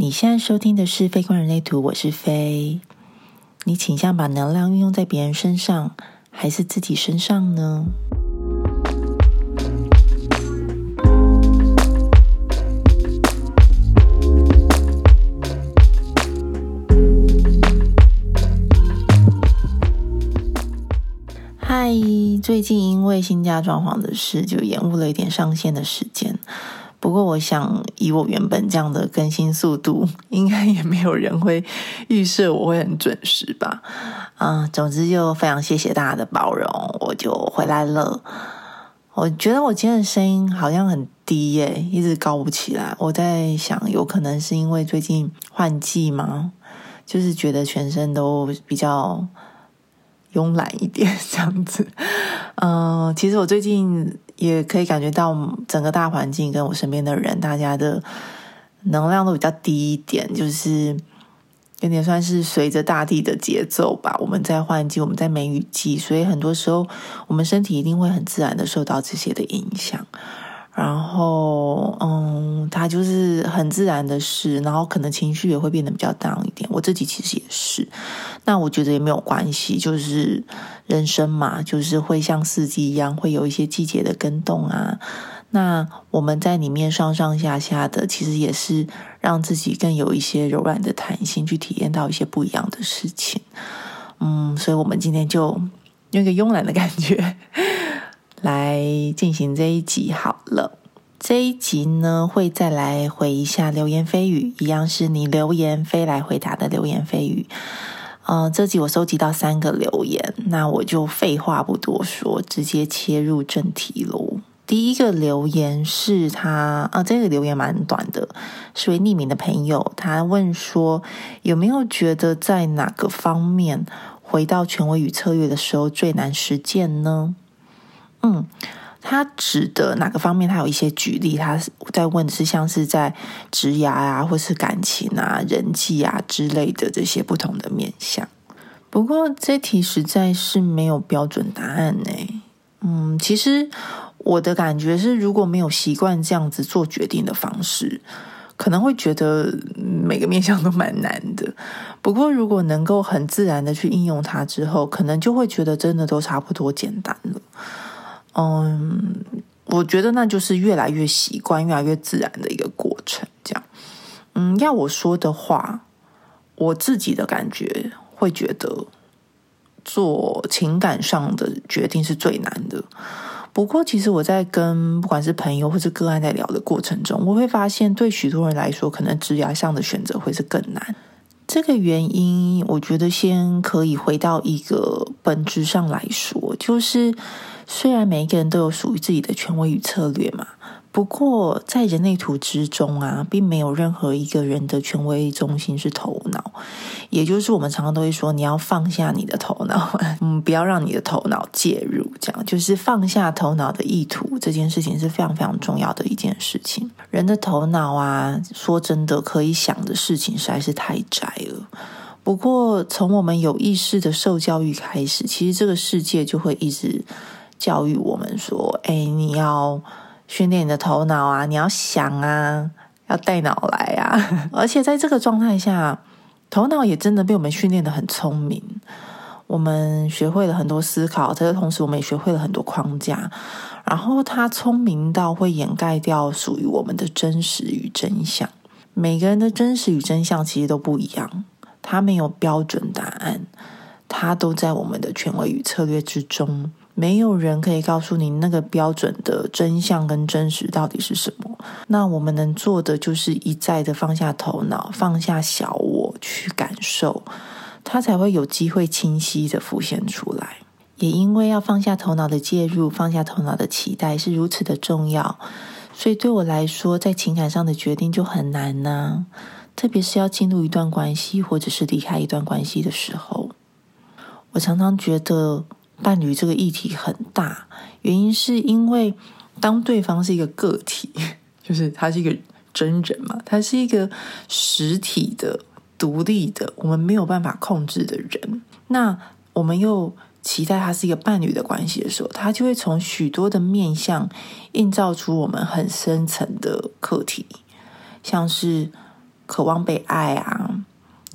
你現在收聽的是《Faye 觀人類圖》，我是 Faye。你傾向把能量運用在別人身上，還是自己身上呢？嗨，最近因為新家裝潢的事，就延誤了一點上線的時間。不過，我想以我原本這樣的更新速度，應該也沒有人會預設我會很準時吧。啊、嗯，總之就非常謝謝大家的包容，我就回來了。我覺得我今天的聲音好像很低耶、欸，一直高不起來。我在想，有可能是因為最近換季嗎？就是覺得全身都比較慵懶一點，這樣子。嗯，其實我最近。也可以感覺到整個大環境跟我身邊的人，大家的能量都比較低一點，就是有點算是隨着大地的節奏吧。我們在換季，我們在梅雨季，所以很多時候我們身體一定會很自然的受到這些的影響。然後，嗯，它就是很自然的事，然後可能情緒也會變得比較 down 一點。我自己其實也是，那我覺得也沒有關係，就是人生嘛，就是會像四季一樣，會有一些季節的更動啊。那我們在裡面上上下下的，其實也是讓自己更有一些柔軟的彈性，去體驗到一些不一樣的事情。嗯，所以我們今天就用一個慵懶的感覺。來進行這一集好了。這一集呢，會再來回一下留言 Faye 語，一樣是你留言 Faye 來回答的留言 Faye 語。呃，這集我收集到三個留言，那我就廢話不多說，直接切入正題嘍。第一個留言是他啊，這個留言蠻短的，是位匿名的朋友，他問說，有沒有覺得在哪個方面回到權威與策略的時候最難實踐呢？嗯，他指的哪個方面？他有一些舉例，他在問的是像是在職涯啊，或是感情啊、人際啊之類的這些不同的面向。不過，這題實在是沒有標準答案呢、欸。嗯，其實我的感覺是，如果沒有習慣這樣子做決定的方式，可能會覺得每個面向都蠻難的。不過如果能夠很自然的去應用它之後，可能就會覺得真的都差不多簡單了。嗯，我覺得那就是越來越習慣、越來越自然的一個過程，這樣。嗯，要我說的話，我自己的感覺會覺得，做情感上的決定是最難的。不過，其實我在跟不管是朋友或是個案在聊的過程中，我會發現，對許多人來說，可能職涯上的選擇會是更難。這個原因，我覺得先可以回到一個本質上來說，就是雖然每一個人都有屬於自己的權威與策略嘛。不過，在人類圖之中啊，並沒有任何一個人的權威中心是頭腦，也就是我們常常都會說，你要放下你的頭腦，嗯，不要讓你的頭腦介入，這樣就是放下頭腦的介入，這件事情是非常非常重要的一件事情。人的頭腦啊，說真的，可以想的事情實在是太窄了。不過，從我們有意識的受教育開始，其實這個世界就會一直教育我們說，誒，你要。訓練你的頭腦啊！你要想啊，要帶腦來啊！ 而且在這個狀態下，頭腦也真的被我們訓練的很聰明。我們學會了很多思考，但是同時我們也學會了很多框架。然後它聰明到會掩蓋掉屬於我們的真實與真相。每個人的真實與真相其實都不一樣，它沒有標準答案，它都在我們的權威與策略之中。沒有人可以告訴你那個標準的真相跟真實到底是什麼。那我們能做的就是一再的放下頭腦，放下小我，去感受，它才會有機會清晰的浮現出來。也因為要放下頭腦的介入，放下頭腦的期待是如此的重要，所以對我來說，在情感上的決定就很難呢啊。特別是要進入一段關係，或者是離開一段關係的時候，我常常覺得。伴侶這個議題很大，原因是因為當對方是一個個體，就是他是一個真人嘛，他是一個實體的、獨立的，我們沒有辦法控制的人。那我們又期待他是一個伴侶的關係的時候，他就會從許多的面向映照出我們很深層的課題，像是渴望被愛啊。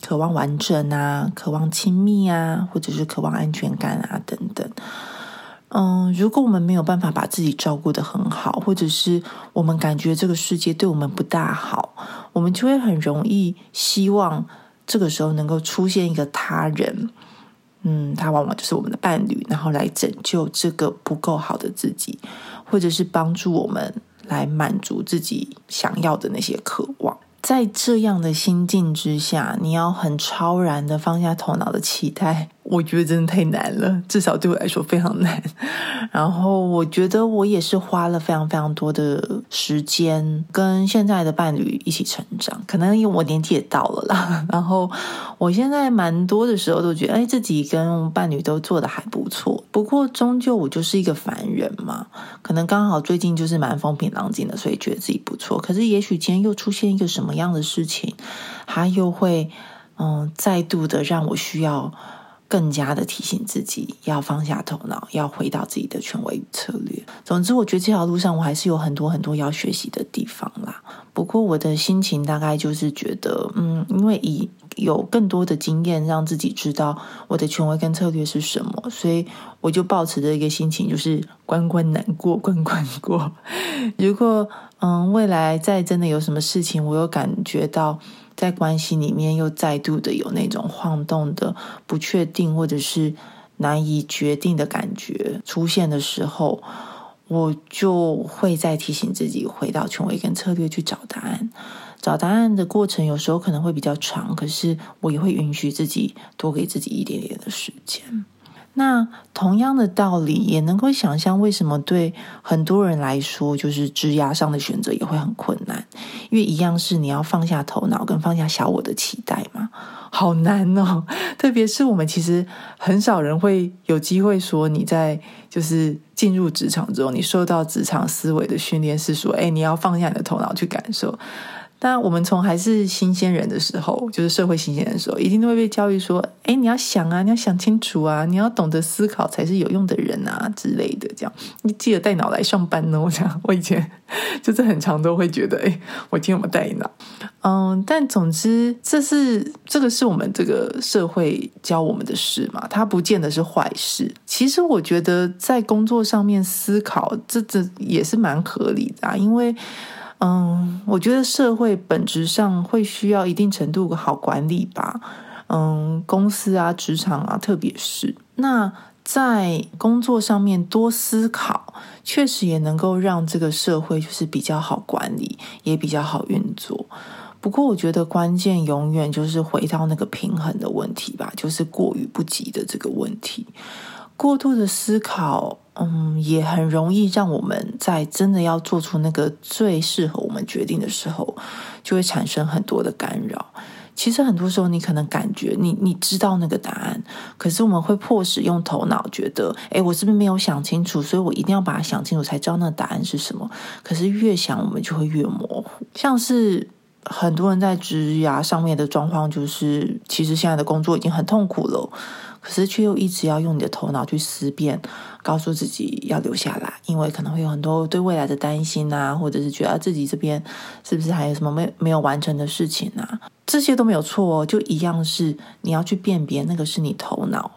渴望完整啊，渴望親密啊，或者是渴望安全感啊，等等。嗯，如果我們沒有辦法把自己照顧得很好，或者是我們感覺這個世界對我們不大好，我們就會很容易希望這個時候能夠出現一個他人。嗯，他往往就是我們的伴侶，然後來拯救這個不夠好的自己，或者是幫助我們來滿足自己想要的那些渴望。在這樣的心境之下，你要很超然的放下頭腦的期待。我覺得真的太難了，至少對我來說非常難。然後我覺得我也是花了非常非常多的時間跟現在的伴侶一起成長。可能因為我年紀也到了啦，然後我現在蠻多的時候都覺得，哎，自己跟伴侶都做得還不錯。不過終究我就是一個凡人嘛，可能剛好最近就是蠻風平浪靜的，所以覺得自己不錯。可是也許今天又出現一個什麼樣的事情，他又會嗯再度的讓我需要。更加的提醒自己要放下頭腦，要回到自己的權威與策略。總之，我覺得這條路上我還是有很多很多要學習的地方啦。不過我的心情大概就是覺得，嗯，因為以有更多的經驗，讓自己知道我的權威跟策略是什麼，所以我就抱持著一個心情，就是關關難過關關過。如果嗯未來再真的有什麼事情，我有感覺到，在關係裡面又再度的有那種晃動的不確定或者是難以決定的感覺出現的時候，我就會再提醒自己回到權威跟策略去找答案。找答案的過程有時候可能會比較長，可是我也會允許自己多給自己一點點的時間。那同樣的道理，也能夠想象為什麼對很多人來說，就是職涯上的選擇也會很困難，因為一樣是你要放下頭腦跟放下小我的期待嘛，好難哦。特別是我們其實很少人會有機會說，你在就是進入職場之後，你受到職場思維的訓練是說，哎，你要放下你的頭腦去感受。那我們從還是新鮮人的時候，就是社會新鮮人的時候，一定都會被教育說：“哎，你要想啊，你要想清楚啊，你要懂得思考才是有用的人啊之類的。”這樣，你記得帶腦來上班呢、哦。我想我以前就是很常都會覺得：“哎，我今天有沒有帶腦？”嗯，但總之，這是這個是我們這個社會教我們的事嘛，它不見得是壞事。其實我覺得在工作上面思考，這這個、也是蠻合理的啊，因為。嗯，我覺得社會本質上會需要一定程度的好管理吧。嗯，公司啊，職場啊，特別是那在工作上面多思考，確實也能夠讓這個社會就是比較好管理，也比較好運作。不過，我覺得關鍵永遠就是回到那個平衡的問題吧，就是過與不及的這個問題，過度的思考。嗯，也很容易讓我們在真的要做出那個最適合我們決定的時候，就會產生很多的干擾。其實很多時候，你可能感覺你你知道那個答案，可是我們會迫使用頭腦覺得，誒，我是不是沒有想清楚？所以我一定要把它想清楚，才知道那個答案是什麼。可是越想，我們就會越模糊。像是很多人在職涯、啊、上面的狀況，就是其實現在的工作已經很痛苦了。可是卻又一直要用你的頭腦去思辨，告訴自己要留下來，因為可能會有很多對未來的擔心啊，或者是覺得自己這邊是不是還有什麼沒沒有完成的事情啊？這些都沒有錯哦，就一樣是你要去辨別，那個是你頭腦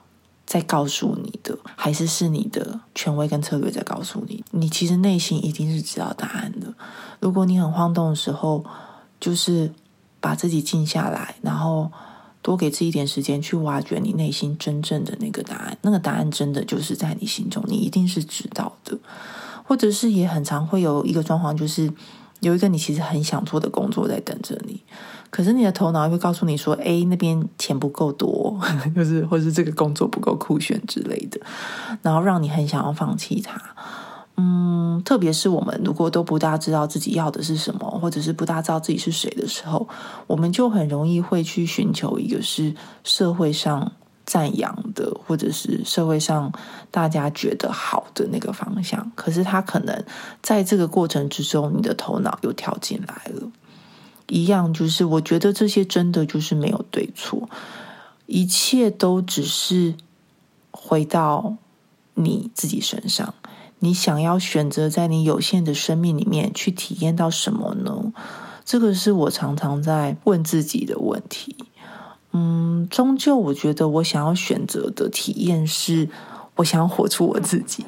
在告訴你的，還是是你的權威跟策略在告訴你？你其實內心一定是知道答案的。如果你很晃動的時候，就是把自己靜下來，然後。多給自己一點時間去挖掘你內心真正的那個答案，那個答案真的就是在你心中，你一定是知道的，或者是也很常會有一個狀況，就是有一個你其實很想做的工作在等着你，可是你的頭腦會告訴你說，哎，那邊錢不夠多，就是或者是這個工作不夠酷炫之類的，然後讓你很想要放棄它。嗯，特別是我們如果都不大知道自己要的是什麼，或者是不大知道自己是誰的時候，我們就很容易會去尋求一個是社會上讚揚的，或者是社會上大家覺得好的那個方向。可是他可能在這個過程之中，你的頭腦又跳進來了。一樣就是，我覺得這些真的就是沒有對錯，一切都只是回到你自己身上。你想要選擇在你有限的生命裡面去體驗到什麼呢？這個是我常常在問自己的問題。嗯，終究我覺得我想要選擇的體驗是，我想活出我自己，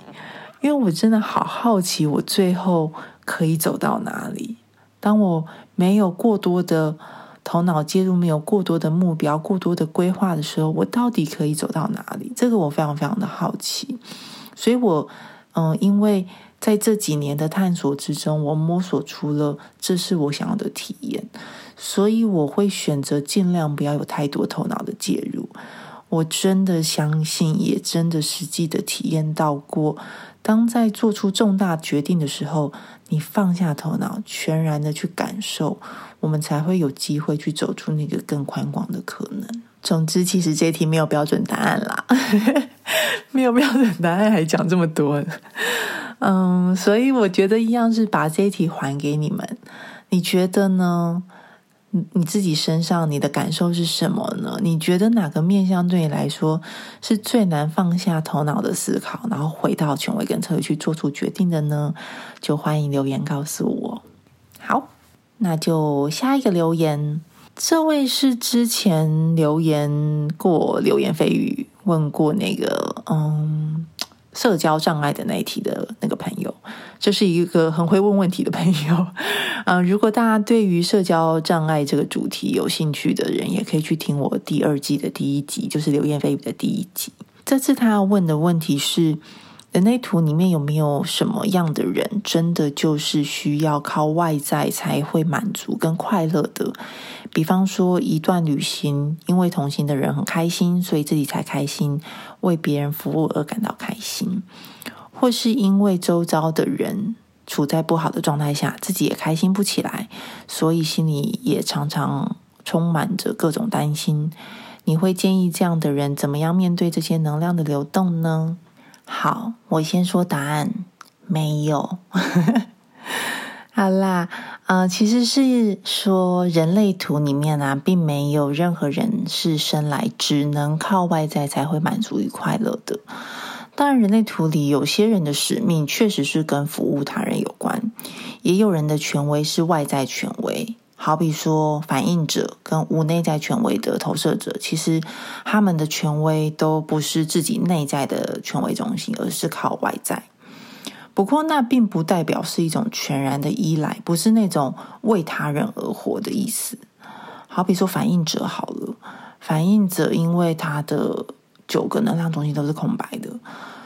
因為我真的好好奇，我最後可以走到哪裡。當我沒有過多的頭腦介入，沒有過多的目標，過多的規劃的時候，我到底可以走到哪裡？這個我非常非常的好奇，所以我。嗯，因為在這幾年的探索之中，我摸索出了這是我想要的體驗，所以我會選擇盡量不要有太多頭腦的介入。我真的相信，也真的實際的體驗到過，當在做出重大決定的時候，你放下頭腦，全然的去感受，我們才會有機會去走出那個更寬廣的可能。總之，其實這題沒有標準答案啦， 沒有標準答案還講這麼多，嗯，所以我覺得，一樣是把這題還給你們，你覺得呢？你自己身上，你的感受是什麼呢？你覺得哪個面向對你來說是最難放下頭腦的思考，然後回到權威跟策略去做出決定的呢？就歡迎留言告訴我。好，那就下一個留言。這位是之前留言過、留言 Faye 語問過那個嗯社交障礙的那一題的那個朋友，這是一個很會問問題的朋友。嗯、啊，如果大家對於社交障礙這個主題有興趣的人，也可以去聽我第二季的第一集，就是留言 Faye 語的第一集。這次他要問的問題是。人類圖裡面有沒有什麼樣的人，真的就是需要靠外在才會滿足跟快樂的？比方說，一段旅行因為同行的人很開心，所以自己才開心，為別人服務而感到開心；或是因為周遭的人處在不好的狀態下，自己也開心不起來，所以心裡也常常充滿着各種擔心。你會建議這樣的人怎麼樣面對這些能量的流動呢？好，我先說答案，沒有。 好啦，呃，其實是說人類圖裡面啊，並沒有任何人是生來只能靠外在才會滿足與快樂的。當然，人類圖裡有些人的使命確實是跟服務他人有關，也有人的權威是外在權威。好比說，反映者跟無內在權威的投射者，其實他們的權威都不是自己內在的權威中心，而是靠外在。不過，那並不代表是一種全然的依賴，不是那種為他人而活的意思。好比說，反映者好了，反映者因為他的九個能量中心都是空白的，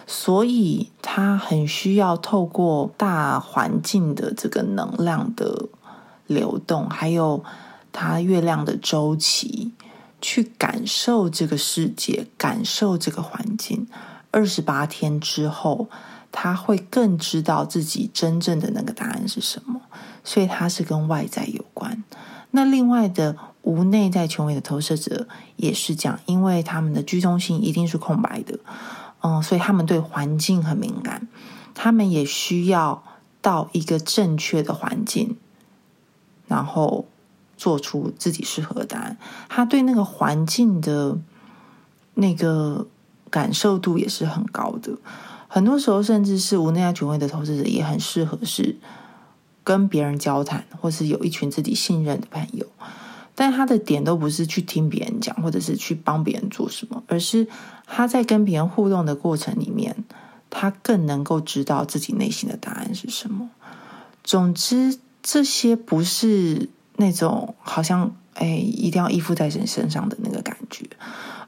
所以他很需要透過大環境的這個能量的。流動，還有它月亮的周期，去感受這個世界，感受這個環境。二十八天之後，他會更知道自己真正的那個答案是什麼。所以，他是跟外在有關。那另外的無內在權威的投射者也是這樣，因為他們的居中心一定是空白的，嗯，所以他們對環境很敏感，他們也需要到一個正確的環境。然後做出自己適合的答案，他對那個環境的，那個感受度也是很高的。很多時候，甚至是無內在權威的投射者，也很適合是跟別人交談，或是有一群自己信任的朋友。但他的點都不是去聽別人講，或者是去幫別人做什麼，而是他在跟別人互動的過程裡面，他更能夠知道自己內心的答案是什麼。總之。這些不是那種好像哎，一定要依附在人身上的那個感覺，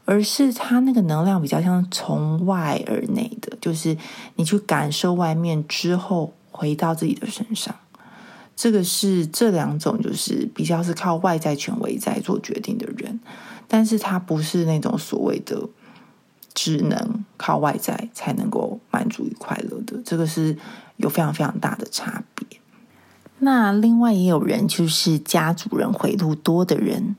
而是他那個能量比較像從外而內的，就是你去感受外面之後回到自己的身上。這個是這兩種，就是比較是靠外在權威在做決定的人，但是他不是那種所謂的只能靠外在才能夠滿足與快樂的，這個是有非常非常大的差別。那另外也有人就是家族人回路多的人，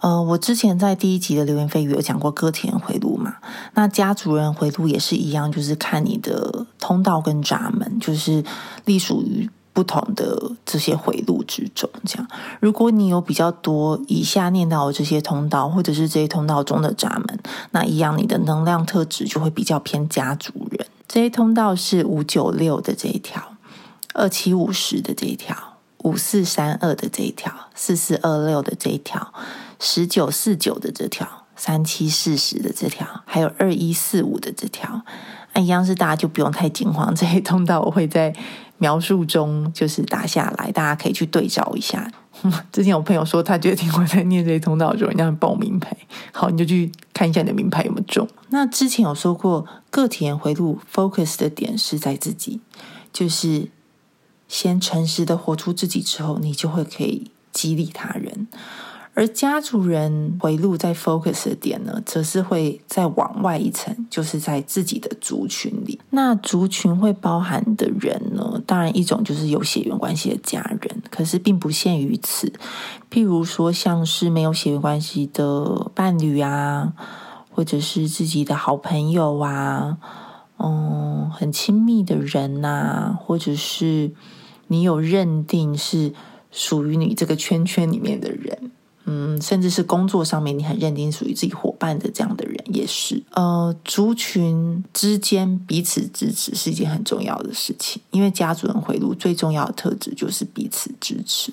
呃，我之前在第一集的留言 Faye 語有講過個體回路嘛，那家族人回路也是一樣，就是看你的通道跟閘門，就是隸屬於不同的這些回路之中。這樣，如果你有比較多以下念到的這些通道，或者是這些通道中的閘門，那一樣你的能量特質就會比較偏家族人。這些通道是五九六的這一條。二七五十的這一條，五四三二的這一條，四四二六的這一條，十九四九的這條，三七四十的這條，還有二一四五的這條，那、啊、一樣是大家就不用太驚慌。這些通道我會在描述中就是打下來，大家可以去對照一下。之前有朋友說他覺得我在念這些通道的時候，人家報名牌，好，你就去看一下你的名牌有沒有中。那之前有說過個體人迴路 focus 的點是在自己，就是。先誠實的活出自己之後，你就會可以激勵他人。而，家族人迴路在 focus 的點呢，則是會再往外一層，就是在自己的族群裡。那族群會包含的人呢？當然一種就是有血緣關係的家人，可是並不限於此。譬如說，像是沒有血緣關係的伴侶啊，或者是自己的好朋友啊，嗯，很親密的人吶、啊，或者是。你有認定是屬於你這個圈圈裡面的人，嗯，甚至是工作上面你很認定屬於自己夥伴的這樣的人，也是。呃，族群之間彼此支持是一件很重要的事情，因為家族人迴路最重要的特質就是彼此支持。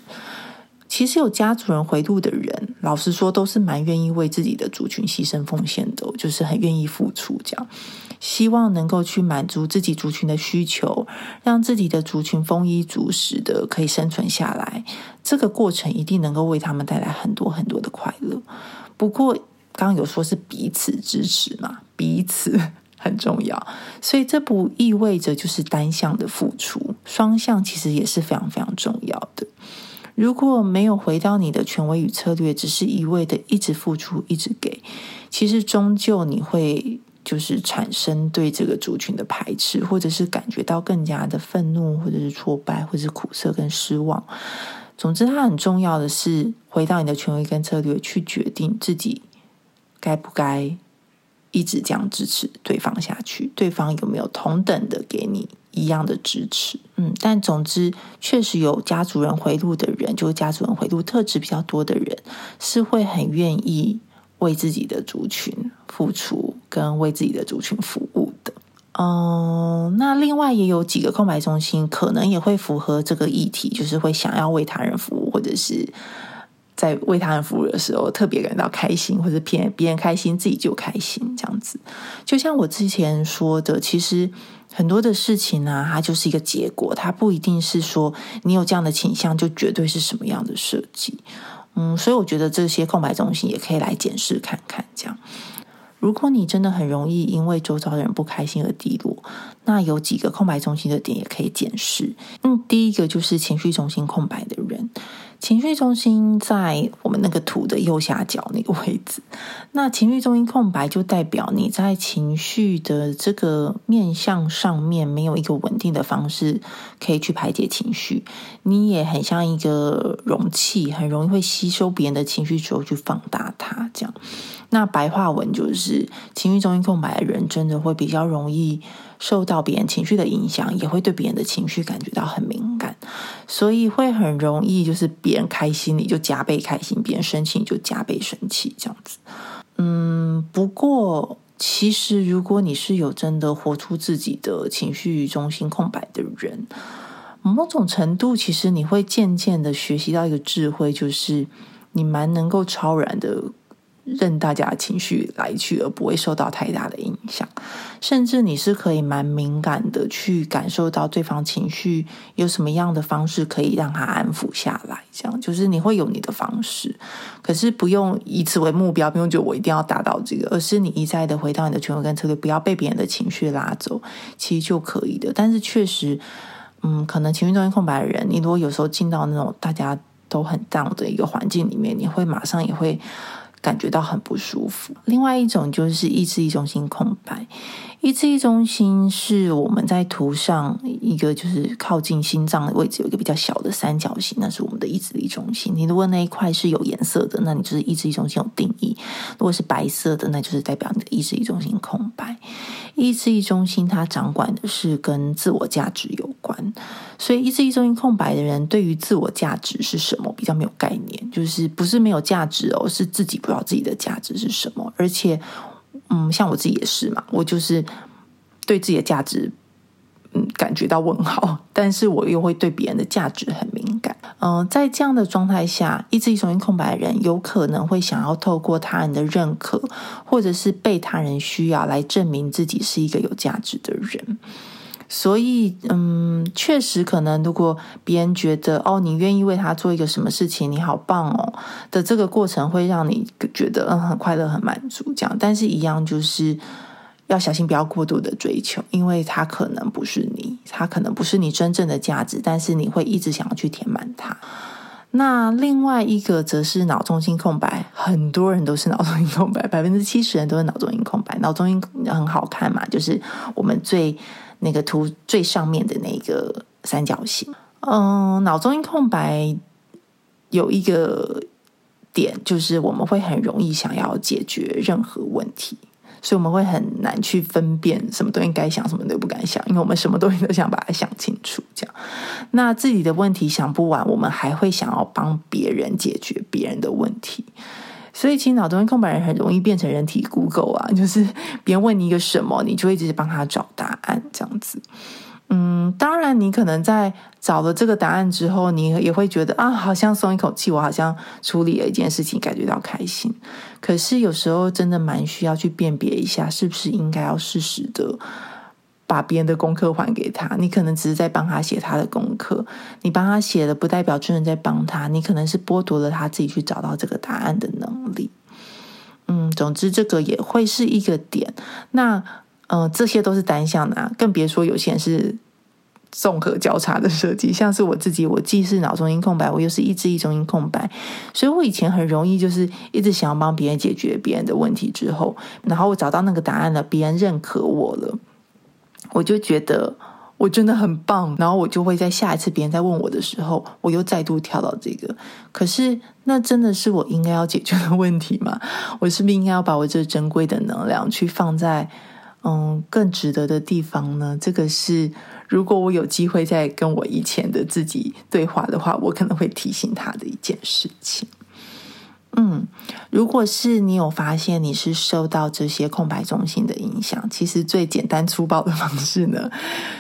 其實有家族人迴路的人，老實說都是蠻願意為自己的族群犧牲奉獻的，就是很願意付出這樣。樣希望能夠去滿足自己族群的需求，讓自己的族群豐衣足食的可以生存下來。這個過程一定能夠為他們帶來很多很多的快樂。不過，剛剛有說是彼此支持嘛，彼此很重要，所以這不意味着就是單向的付出，雙向其實也是非常非常重要的。如果沒有回到你的權威與策略，只是一味的一直付出、一直給，其實終究你會。就是產生對這個族群的排斥，或者是感覺到更加的憤怒，或者是挫敗，或者是苦澀跟失望。總之，它很重要的是回到你的權威跟策略，去決定自己該不該一直這樣支持對方下去。對方有沒有同等的給你一樣的支持？嗯，但總之，確實有家族人回路的人，就是家族人回路特質比較多的人，是會很願意為自己的族群付出，跟為自己的族群服務的，嗯，那另外也有幾個空白中心，可能也會符合這個議題，就是會想要為他人服務，或者是在為他人服務的時候特別感到開心，或者別人開心，自己就開心這樣子。就像我之前說的，其實很多的事情呢、啊，它就是一個結果，它不一定是說你有這樣的傾向，就絕對是什麼樣的設計。嗯，所以我覺得這些空白中心也可以來檢視看看，這樣。如果你真的很容易因為周遭的人不開心而低落，那有幾個空白中心的點也可以檢視。嗯，第一個就是情緒中心空白的人。情緒中心在我們那個圖的右下角那個位置，那情緒中心空白就代表你在情緒的這個面向上面沒有一個穩定的方式可以去排解情緒，你也很像一個容器，很容易會吸收別人的情緒之後去放大它，這樣。那白話文就是情緒中心空白的人，真的會比較容易。受到別人情緒的影響，也會對別人的情緒感覺到很敏感，所以會很容易就是別人開心你就加倍開心，別人生氣你就加倍生氣這樣子。嗯，不過其實如果你是有真的活出自己的情緒中心空白的人，某種程度其實你會漸漸的學習到一個智慧，就是你蠻能夠超然的。任大家情緒來去，而不會受到太大的影響。甚至你是可以蠻敏感的，去感受到對方情緒有什麼樣的方式，可以讓他安撫下來。這樣就是你會有你的方式，可是不用以此為目標，不用覺得我一定要達到這個，而是你一再的回到你的權威跟策略，不要被別人的情緒拉走，其實就可以的。但是確實，嗯，可能情緒中心空白的人，你如果有時候進到那種大家都很 down 的一個環境裡面，你會馬上也會。感覺到很不舒服。另外一種就是意志力中心空白。意志力中心是我們在圖上一個就是靠近心臟的位置，有一個比較小的三角形，那是我們的意志力中心。你如果那一塊是有顏色的，那你就是意志力中心有定義；如果是白色的，那就是代表你的意志力中心空白。意志力中心它掌管的是跟自我價值有關，所以意志力中心空白的人對於自我價值是什麼比較沒有概念，就是不是沒有價值哦，是自己不知道自己的價值是什麼，而且。嗯，像我自己也是嘛，我就是對自己的價值，嗯，感覺到問號，但是我又會對別人的價值很敏感。嗯、呃，在這樣的狀態下，意志力中心空白的人，有可能會想要透過他人的認可，或者是被他人需要，來證明自己是一個有價值的人。所以，嗯，確實可能，如果別人覺得哦，你願意為他做一個什麼事情，你好棒哦的這個過程，會讓你覺得嗯，很快樂、很滿足這樣。但是，一樣就是要小心，不要過度的追求，因為他可能不是你，他可能不是你真正的價值，但是你會一直想要去填滿他。那另外一個則是腦中心空白，很多人都是腦中心空白，百分之七十人都是腦中心空白。腦中心很好看嘛，就是我們最。那個圖最上面的那個三角形，嗯，腦中心空白，有一個點，就是我們會很容易想要解決任何問題，所以我們會很難去分辨什麼東西該想，什麼都不敢想，因為我們什麼東西都想把它想清楚。這樣，那自己的問題想不完，我們還會想要幫別人解決別人的問題。所以，其實腦中空空白人很容易變成人體 Google 啊，就是別人問你一個什麼，你就會一直幫他找答案這樣子。嗯，當然，你可能在找了這個答案之後，你也會覺得啊，好像鬆一口氣，我好像處理了一件事情，感覺到開心。可是有時候真的蠻需要去辨別一下，是不是應該要適時的。把別人的功課還給他，你可能只是在幫他寫他的功課。你幫他寫了不代表真的在幫他。你可能是剝奪了他自己去找到這個答案的能力。嗯，總之這個也會是一個點。那，呃，這些都是單向的啊，更別說有些人是綜合交叉的設計。像是我自己，我既是腦中心空白，我又是意志力中心空白，所以我以前很容易就是一直想要幫別人解決別人的問題，之後，然後我找到那個答案了，別人認可我了。我就覺得我真的很棒，然後我就會在下一次別人再問我的時候，我又再度跳到這個。可是那真的是我應該要解決的問題嗎？我是不是應該要把我這珍貴的能量去放在嗯，更值得的地方呢？這個是如果我有機會再跟我以前的自己對話的話，我可能會提醒他的一件事情。嗯，如果是你有發現你是受到這些空白中心的影響，其實最簡單粗暴的方式呢，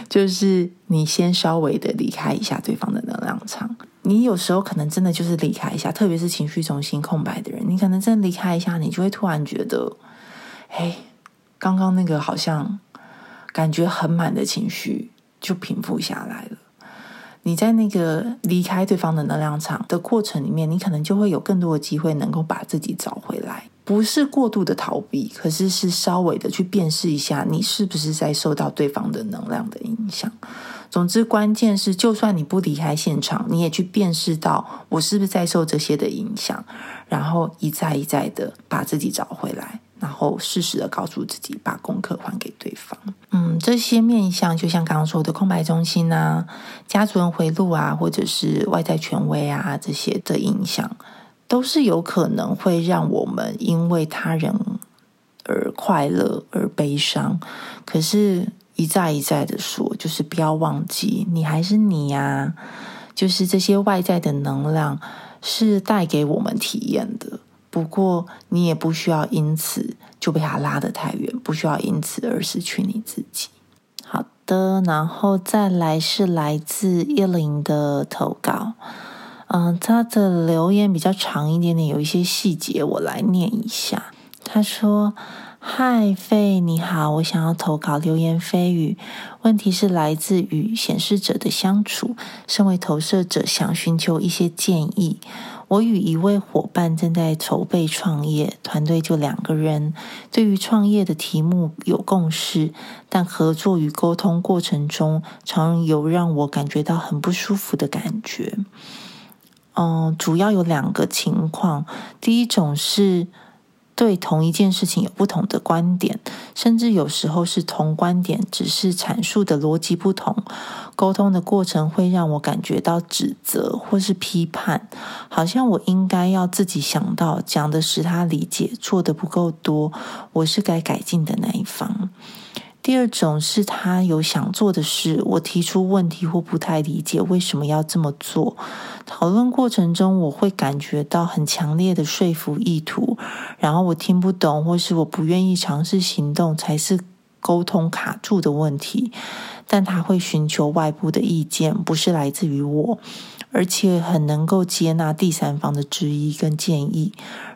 就是你先稍微的離開一下對方的能量場。你有時候可能真的就是離開一下，特別是情緒中心空白的人，你可能真的離開一下，你就會突然覺得，哎，剛剛那個好像感覺很滿的情緒就平復下來了。你在那個離開對方的能量場的過程裡面，你可能就會有更多的機會能夠把自己找回來，不是過度的逃避，可是是稍微的去辨識一下你是不是在受到對方的能量的影響。總之，關鍵是就算你不離開現場，你也去辨識到我是不是在受這些的影響，然後一再一再的把自己找回來。然後適時的告訴自己，把功課還給對方。嗯，這些面相，就像剛剛說的空白中心啊、家族人迴路啊，或者是外在權威啊，這些的影響，都是有可能會讓我們因為他人而快樂而悲傷。可是，一再一再的說，就是不要忘記，你還是你呀、啊。就是這些外在的能量，是帶給我們體驗的。不過，你也不需要因此就被他拉得太遠，不需要因此而失去你自己。好的，然後再來是來自葉玲的投稿，嗯，他的留言比較長一點點，有一些細節，我來念一下。他說：“嗨，Faye，你好，我想要投稿留言 Faye 語，問題是來自於顯示者的相處，身為投射者，想尋求一些建議。”我與一位夥伴正在籌備創業，團隊就兩個人，對於創業的題目有共識，但合作與溝通過程中，常有讓我感覺到很不舒服的感覺。嗯，主要有兩個情況，第一種是，對同一件事情有不同的觀點，甚至有時候是同觀點，只是闡述的邏輯不同。溝通的過程會讓我感覺到指責或是批判，好像我應該要自己想到，講的是他理解，做的不夠多，我是該改進的那一方。第二種是他有想做的事，我提出問題或不太理解為什麼要這麼做。討論過程中，我會感覺到很強烈的說服意圖，然後我聽不懂，或是我不願意嘗試行動，才是溝通卡住的問題。但他會尋求外部的意見，不是來自於我，而且很能夠接納第三方的質疑跟建議。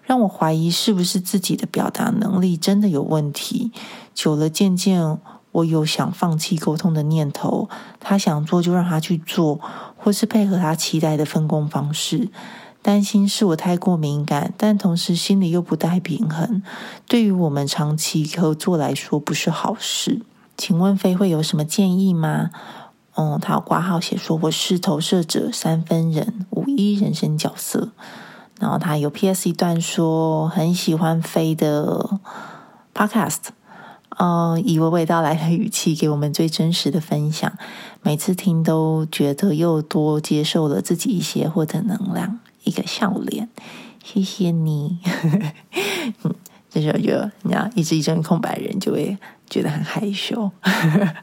讓我懷疑是不是自己的表達能力真的有問題，久了漸漸我有想放棄溝通的念頭。他想做就讓他去做，或是配合他期待的分工方式，擔心是我太過敏感，但同時心裡又不太平衡，對於我們長期合作來說不是好事。請問 Faye 會有什麼建議嗎？哦、嗯，他有括號寫說我是投射者三分人五一人生角色。然後他有 P.S. 一段說，很喜歡飛的 Podcast，嗯、呃，以娓娓道來的語氣給我們最真實的分享，每次聽都覺得又多接受了自己一些，獲得能量。一個笑臉，謝謝你。呵，這時候就是，覺得你要一直一直空白人就會覺得很害羞，呵呵，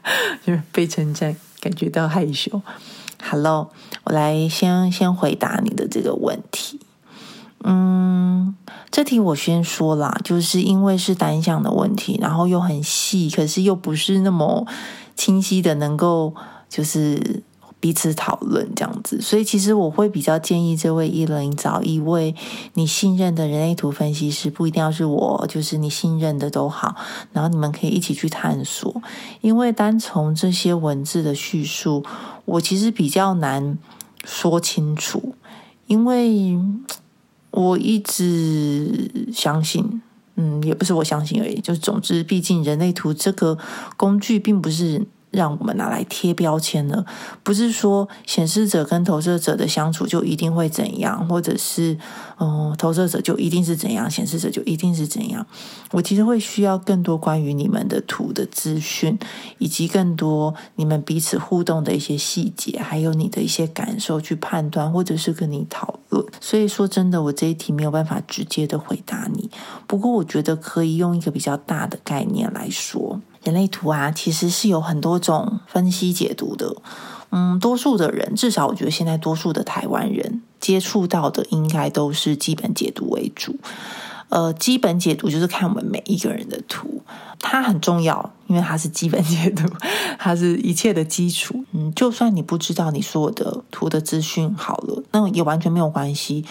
就是被稱讚，感覺到害羞。Hello，我來先先回答你的這個問題。嗯，這題我先說啦，就是因為是單向的問題，然後又很細，可是又不是那麼清晰的能夠就是彼此討論這樣子，所以其實我會比較建議這位藝人找一位你信任的人類圖分析師，不一定要是我，就是你信任的都好，然後你們可以一起去探索，因為單從這些文字的敘述，我其實比較難說清楚，因為。我一直相信，嗯，也不是我相信而已，就是總之，畢竟人類圖這個工具並不是。讓我們拿來貼標籤呢。不是說顯示者跟投射者的相處就一定會怎樣，或者是嗯，投射者就一定是怎樣，顯示者就一定是怎樣。我其實會需要更多關於你們的圖的資訊，以及更多你們彼此互動的一些細節，還有你的一些感受去判斷，或者是跟你討論。所以說真的，我這一題沒有辦法直接的回答你。不過我覺得可以用一個比較大的概念來說。人類圖啊，其實是有很多種分析解讀的。嗯，多數的人，至少我覺得現在多數的台灣人接觸到的，應該都是基本解讀為主。呃，基本解讀就是看我們每一個人的圖，它很重要，因為它是基本解讀，它是一切的基礎。嗯，就算你不知道你所有的圖的資訊，好了，那也完全沒有關係。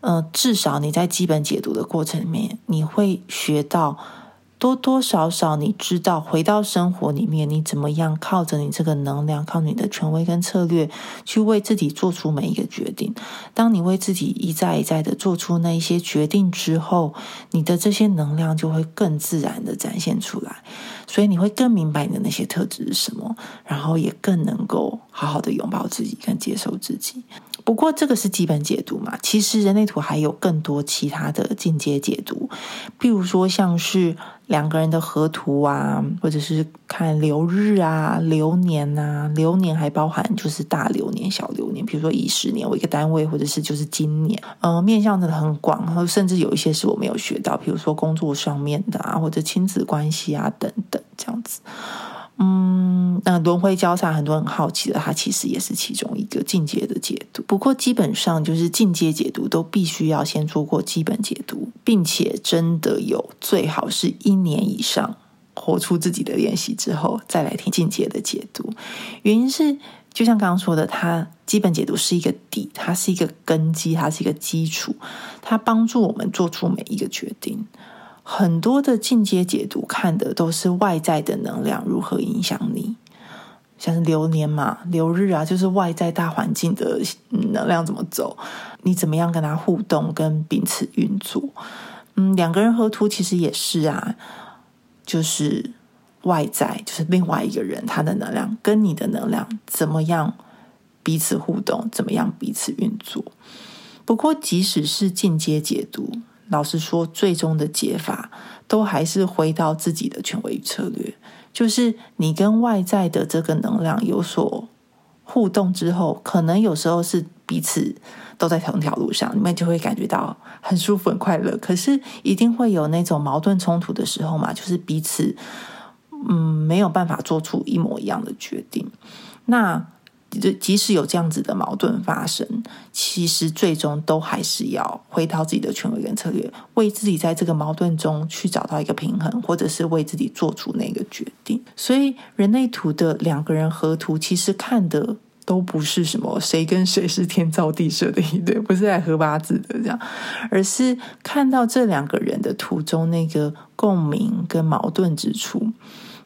呃，至少你在基本解讀的過程裡面，你會學到。多多少少，你知道回到生活裡面，你怎麼樣靠着你這個能量，靠你的權威跟策略，去為自己做出每一個決定。當你為自己一再一再的做出那一些決定之後，你的這些能量就會更自然的展現出來。所以你會更明白你的那些特質是什麼，然後也更能夠好好的擁抱自己跟接受自己。不過這個是基本解讀嘛，其實人類圖還有更多其他的進階解讀，譬如說像是兩個人的合圖啊，或者是看流日啊、流年啊。流年還包含就是大流年、小流年，比如說以十年為一個單位，或者是就是今年，嗯、呃，面向得很廣，甚至有一些是我沒有學到，比如說工作上面的啊，或者親子關係啊等等這樣子。嗯，那輪回交叉，很多人很好奇的，它其實也是其中一個進階的解讀。不過，基本上就是進階解讀都必須要先做過基本解讀，並且真的有最好是一年以上活出自己的練習之後，再來聽進階的解讀。原因是，就像剛剛說的，它基本解讀是一個底，它是一個根基，它是一個基礎，它幫助我們做出每一個決定。很多的進階解讀看的都是外在的能量如何影響你，像是流年嘛、流日啊，就是外在大環境的能量怎麼走，你怎麼樣跟他互動，跟彼此運作。嗯，兩個人合圖其實也是啊，就是外在就是另外一個人他的能量跟你的能量怎麼樣彼此互動，怎麼樣彼此運作。不過即使是進階解讀。老實說，最終的解法都還是回到自己的權威策略。就是你跟外在的這個能量有所互動之後，可能有時候是彼此都在同條路上，你們就會感覺到很舒服、很快樂。可是一定會有那種矛盾衝突的時候嘛，就是彼此嗯沒有辦法做出一模一樣的決定。那。就即使有這樣子的矛盾發生，其實最終都還是要回到自己的權威跟策略，為自己在這個矛盾中去找到一個平衡，或者是為自己做出那個決定。所以，人類圖的兩個人合圖，其實看的都不是什麼誰跟誰是天造地設的一對，不是在合八字的這樣，而是看到這兩個人的圖中那個共鳴跟矛盾之處，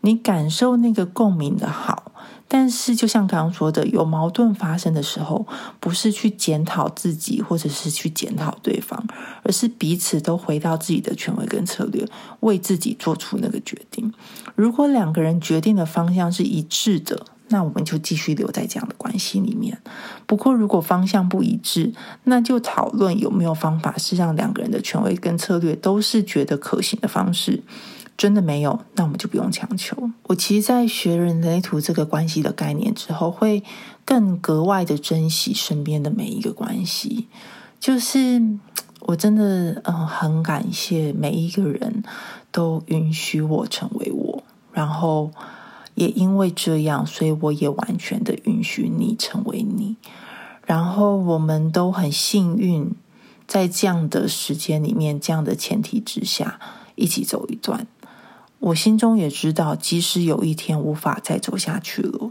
你感受那個共鳴的好。但是，就像剛剛說的，有矛盾發生的時候，不是去檢討自己，或者是去檢討對方，而是彼此都回到自己的權威跟策略，為自己做出那個決定。如果兩個人決定的方向是一致的，那我們就繼續留在這樣的關係裡面。不過，如果方向不一致，那就討論有沒有方法是讓兩個人的權威跟策略都是覺得可行的方式。真的沒有，那我們就不用強求。我其實，在學人類圖這個關係的概念之後，會更格外的珍惜身邊的每一個關係。就是我真的，嗯、呃，很感謝每一個人都允許我成為我，然後也因為這樣，所以我也完全的允許你成為你。然後我們都很幸運，在這樣的時間裡面，這樣的前提之下，一起走一段。我心中也知道，即使有一天無法再走下去了，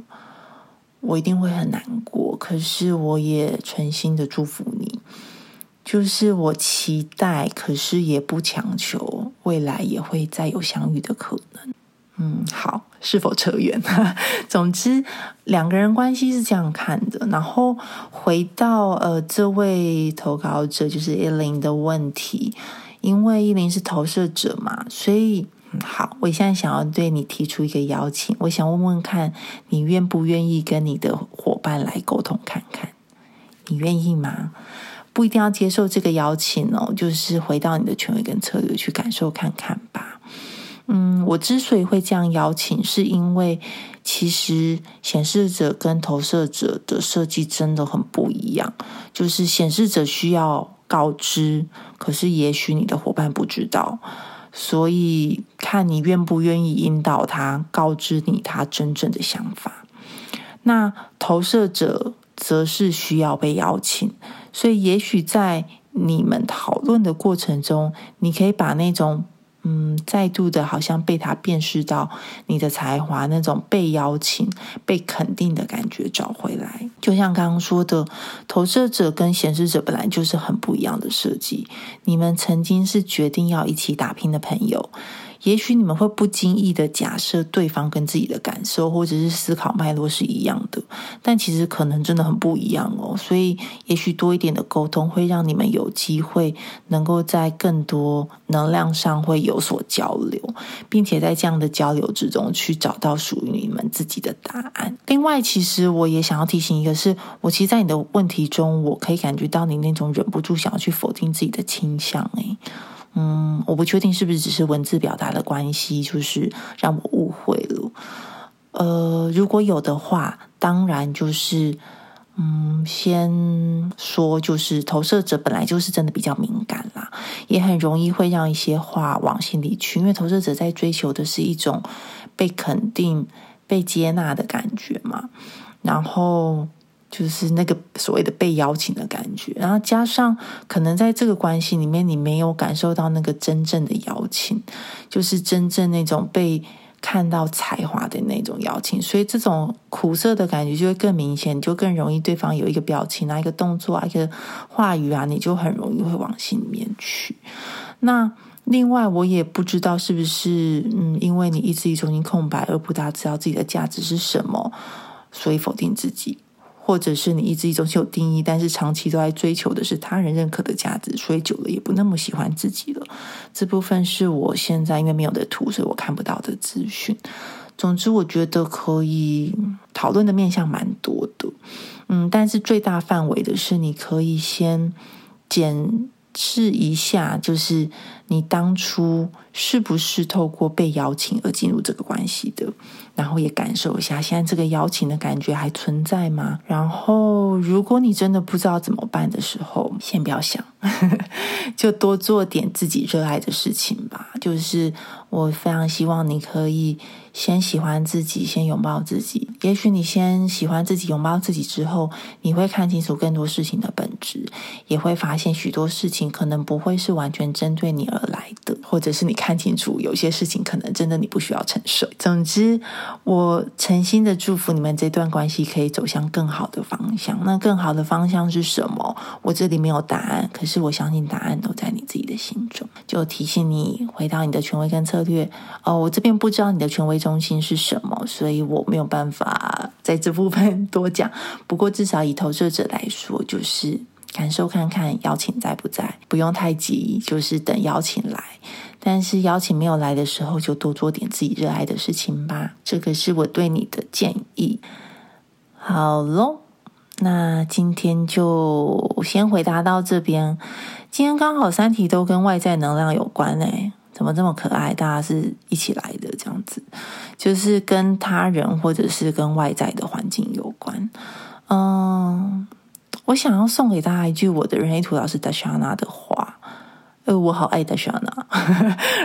我一定會很難過。可是我也誠心的祝福你，就是我期待，可是也不強求，未來也會再有相遇的可能。嗯，好，是否扯遠？ 總之，兩個人關係是這樣看的。然後回到呃，這位投稿者就是依琳的問題，因為依琳是投射者嘛，所以。好，我現在想要對你提出一個邀請，我想問問看你願不願意跟你的夥伴來溝通看看，你願意嗎？不一定要接受這個邀請哦，就是回到你的權威跟策略去感受看看吧。嗯，我之所以會這樣邀請，是因為其實顯示者跟投射者的設計真的很不一樣，就是顯示者需要告知，可是也許你的夥伴不知道。所以，看你願不願意引導他，告知你他真正的想法。那投射者則是需要被邀請，所以也許在你們討論的過程中，你可以把那種。嗯，再度的好像被他辨識到你的才華，那種被邀請、被肯定的感覺找回來。就像剛剛說的，投射者跟顯示者本來就是很不一樣的設計。你們曾經是決定要一起打拼的朋友。也許你們會不經意的假設對方跟自己的感受或者是思考脈絡是一樣的，但其實可能真的很不一樣哦。所以，也許多一點的溝通會讓你們有機會能夠在更多能量上會有所交流，並且在這樣的交流之中去找到屬於你們自己的答案。另外，其實我也想要提醒一個是，是我其實，在你的問題中，我可以感覺到你那種忍不住想要去否定自己的傾向誒、欸。嗯，我不確定是不是只是文字表達的關係，就是讓我誤會了。呃，如果有的話，當然就是，嗯，先說就是，投射者本來就是真的比較敏感啦，也很容易會讓一些話往心裡去，因為投射者在追求的是一種被肯定、被接納的感覺嘛，然後。就是那個所謂的被邀請的感覺，然後加上可能在這個關係裡面，你沒有感受到那個真正的邀請，就是真正那種被看到才華的那種邀請，所以這種苦澀的感覺就會更明顯，就更容易對方有一個表情啊、一個動作啊、一個話語啊，你就很容易會往心裡面去。那另外，我也不知道是不是嗯，因為你意志力中心空白，而不大知道自己的價值是什麼，所以否定自己。或者是你一直一中心有定義，但是長期都在追求的是他人認可的價值，所以久了也不那麼喜歡自己了。這部分是我現在因為沒有的圖，所以我看不到的資訊。總之，我覺得可以討論的面向蠻多的，嗯，但是最大範圍的是你可以先減。試一下，就是你當初是不是透過被邀請而進入這個關係的？然後也感受一下，現在這個邀請的感覺還存在嗎？然後，如果你真的不知道怎麼辦的時候，先不要想， 就多做點自己熱愛的事情吧。就是我非常希望你可以。先喜歡自己，先擁抱自己。也許你先喜歡自己、擁抱自己之後，你會看清楚更多事情的本質，也會發現許多事情可能不會是完全針對你而來的，或者是你看清楚有些事情可能真的你不需要承受。總之，我誠心的祝福你們這段關係可以走向更好的方向。那更好的方向是什麼？我這裡沒有答案，可是我相信答案都在你自己的心中。就提醒你回到你的權威跟策略。哦，我這邊不知道你的權威。中心是什麼？所以我沒有辦法在這部分多講。不過至少以投射者來說，就是感受看看邀請在不在，不用太急，就是等邀請來。但是邀請沒有來的時候，就多做點自己熱愛的事情吧。這個是我對你的建議。好嘍，那今天就先回答到這邊。今天剛好三題都跟外在能量有關欸。怎麼這麼可愛？大家是一起來的，這樣子，就是跟他人或者是跟外在的環境有關。嗯，我想要送給大家一句我的人類圖老師 Dashana 的話，呃，我好愛 Dashana，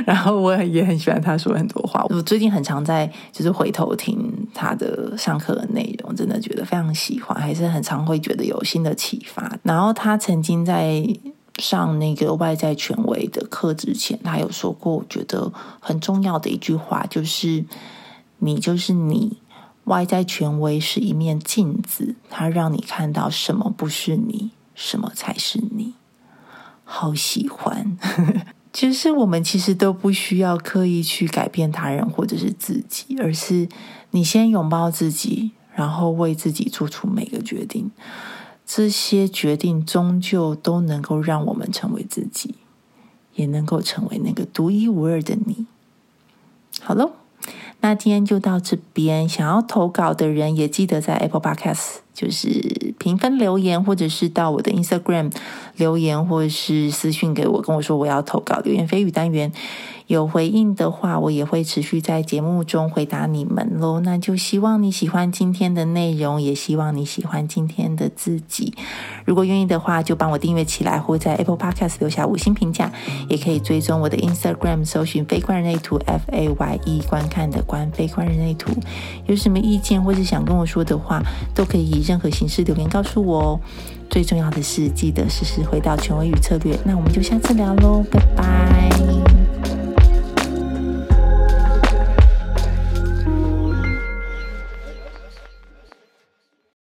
然後我也很喜歡他說很多話。我最近很常在就是回頭聽他的上課的內容，真的覺得非常喜歡，還是很常會覺得有新的啟發。然後他曾經在上那個外在權威的課之前，他有說過，我覺得很重要的一句話就是：“你就是你，外在權威是一面鏡子，它讓你看到什麼不是你，什麼才是你。”好喜歡， 就是我們其實都不需要刻意去改變他人或者是自己，而是你先擁抱自己，然後為自己做出每個決定。這些決定終究都能夠讓我們成為自己，也能夠成為那個獨一無二的你。好了，那今天就到這邊，想要投稿的人也記得在 Apple Podcast。就是評分留言，或者是到我的 Instagram 留言，或者是私訊給我，跟我說我要投稿“留言 Faye 語”單元。有回應的話，我也會持續在節目中回答你們嘍。那就希望你喜歡今天的內容，也希望你喜歡今天的自己。如果願意的話，就幫我訂閱起來，或在 Apple Podcast 留下五星評價。也可以追蹤我的 Instagram，搜尋 “Faye 觀人類圖”，觀看的觀，Faye 觀人類圖。有什麼意見或者想跟我說的話，都可以。任何形式留言告訴我哦。最重要的是，記得時時回到權威與策略。那我們就下次聊嘍，拜拜。